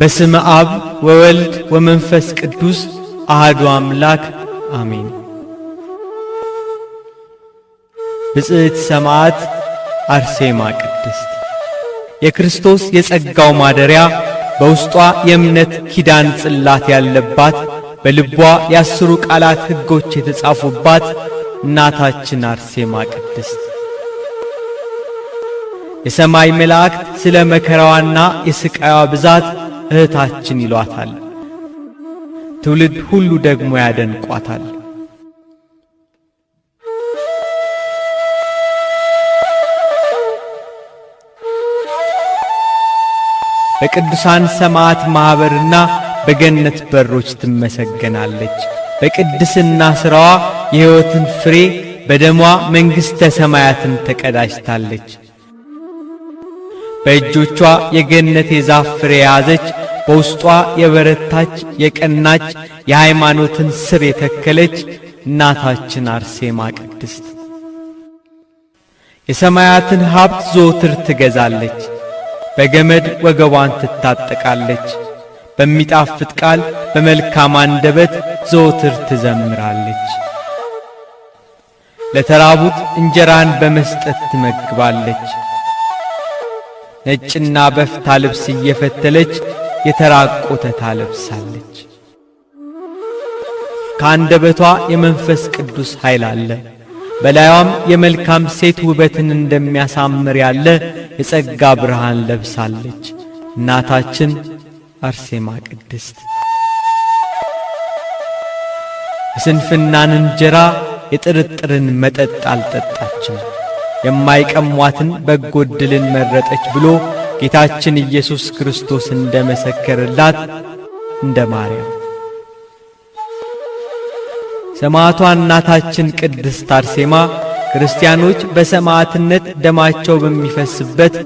በስመ አብ ወወልድ ወመንፈስ ቅዱስ አህዱ አምላክ አሜን። ብጽዕት ሰማዕት አርሴማ ቅድስት የክርስቶስ የጸጋው ማደሪያ በውስጧ የእምነት ኪዳን ጽላት ያለባት በልቧ የአስሩ ቃላት ሕጎች የተጻፉባት እናታችን አርሴማ ቅድስት የሰማይ መላእክት ስለ መከራዋና የሥቃይዋ ብዛት እህታችን ይሏታል። ትውልድ ሁሉ ደግሞ ያደንቋታል። በቅዱሳን ሰማዕት ማኅበርና በገነት በሮች ትመሰገናለች። በቅድስና ሥራዋ የሕይወትን ፍሬ በደሟ መንግሥተ ሰማያትን ተቀዳጅታለች። በእጆቿ የገነት የዛፍ ፍሬ የያዘች በውስጧ የበረታች የቀናች የሃይማኖትን ስር የተከለች እናታችን አርሴማ ቅድስት የሰማያትን ሀብት ዘወትር ትገዛለች፣ በገመድ ወገቧን ትታጠቃለች፣ በሚጣፍጥ ቃል በመልካም አንደበት ዘወትር ትዘምራለች። ለተራቡት እንጀራን በመስጠት ትመግባለች። ነጭና በፍታ ልብስ እየፈተለች የተራቆተ ታለብሳለች። ከአንደበቷ የመንፈስ ቅዱስ ኃይል አለ። በላዩም የመልካም ሴት ውበትን እንደሚያሳምር ያለ የጸጋ ብርሃን ለብሳለች። እናታችን አርሴማ ቅድስት የስንፍናን እንጀራ የጥርጥርን መጠጥ አልጠጣችም። የማይቀሟትን በጎ መረጠች ብሎ ጌታችን ኢየሱስ ክርስቶስ እንደመሰከረላት እንደ ማርያም ሰማዕቷ እናታችን ቅድስት አርሴማ ክርስቲያኖች በሰማዕትነት ደማቸው በሚፈስበት፣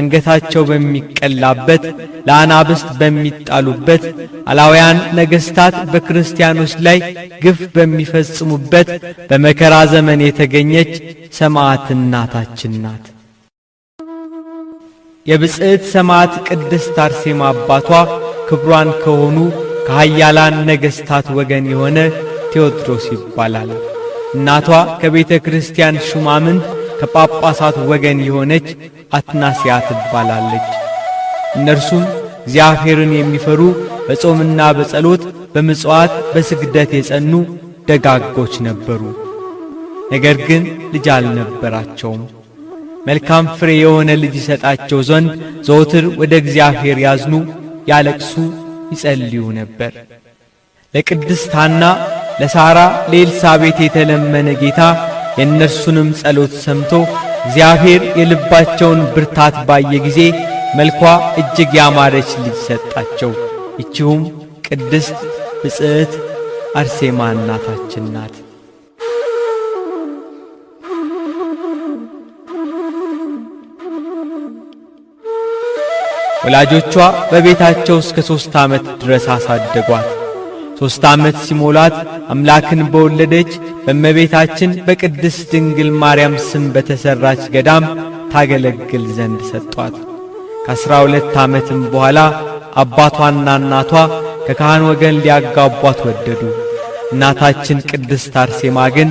አንገታቸው በሚቀላበት፣ ለአናብስት በሚጣሉበት፣ አላውያን ነገሥታት በክርስቲያኖች ላይ ግፍ በሚፈጽሙበት በመከራ ዘመን የተገኘች ሰማዕት እናታችን ናት። የብጽዕት ሰማዕት ቅድስት አርሴማ አባቷ ክብሯን ከሆኑ ከኃያላን ነገሥታት ወገን የሆነ ቴዎድሮስ ይባላል። እናቷ ከቤተ ክርስቲያን ሹማምንት ከጳጳሳት ወገን የሆነች አትናስያ ትባላለች። እነርሱም እግዚአብሔርን የሚፈሩ በጾምና በጸሎት በምጽዋት በስግደት የጸኑ ደጋጎች ነበሩ። ነገር ግን ልጅ አልነበራቸውም። መልካም ፍሬ የሆነ ልጅ ይሰጣቸው ዘንድ ዘወትር ወደ እግዚአብሔር ያዝኑ፣ ያለቅሱ፣ ይጸልዩ ነበር። ለቅድስታና ሐና፣ ለሳራ፣ ለኤልሳቤት የተለመነ ጌታ የእነርሱንም ጸሎት ሰምቶ እግዚአብሔር የልባቸውን ብርታት ባየ ጊዜ መልኳ እጅግ ያማረች ልጅ ሰጣቸው። ይቺውም ቅድስት ብጽዕት አርሴማ እናታችን ናት። ወላጆቿ በቤታቸው እስከ ሦስት ዓመት ድረስ አሳደጓት። ሦስት ዓመት ሲሞላት አምላክን በወለደች በእመቤታችን በቅድስት ድንግል ማርያም ስም በተሠራች ገዳም ታገለግል ዘንድ ሰጧት። ከአሥራ ሁለት ዓመትም በኋላ አባቷና እናቷ ከካህን ወገን ሊያጋቧት ወደዱ። እናታችን ቅድስት አርሴማ ግን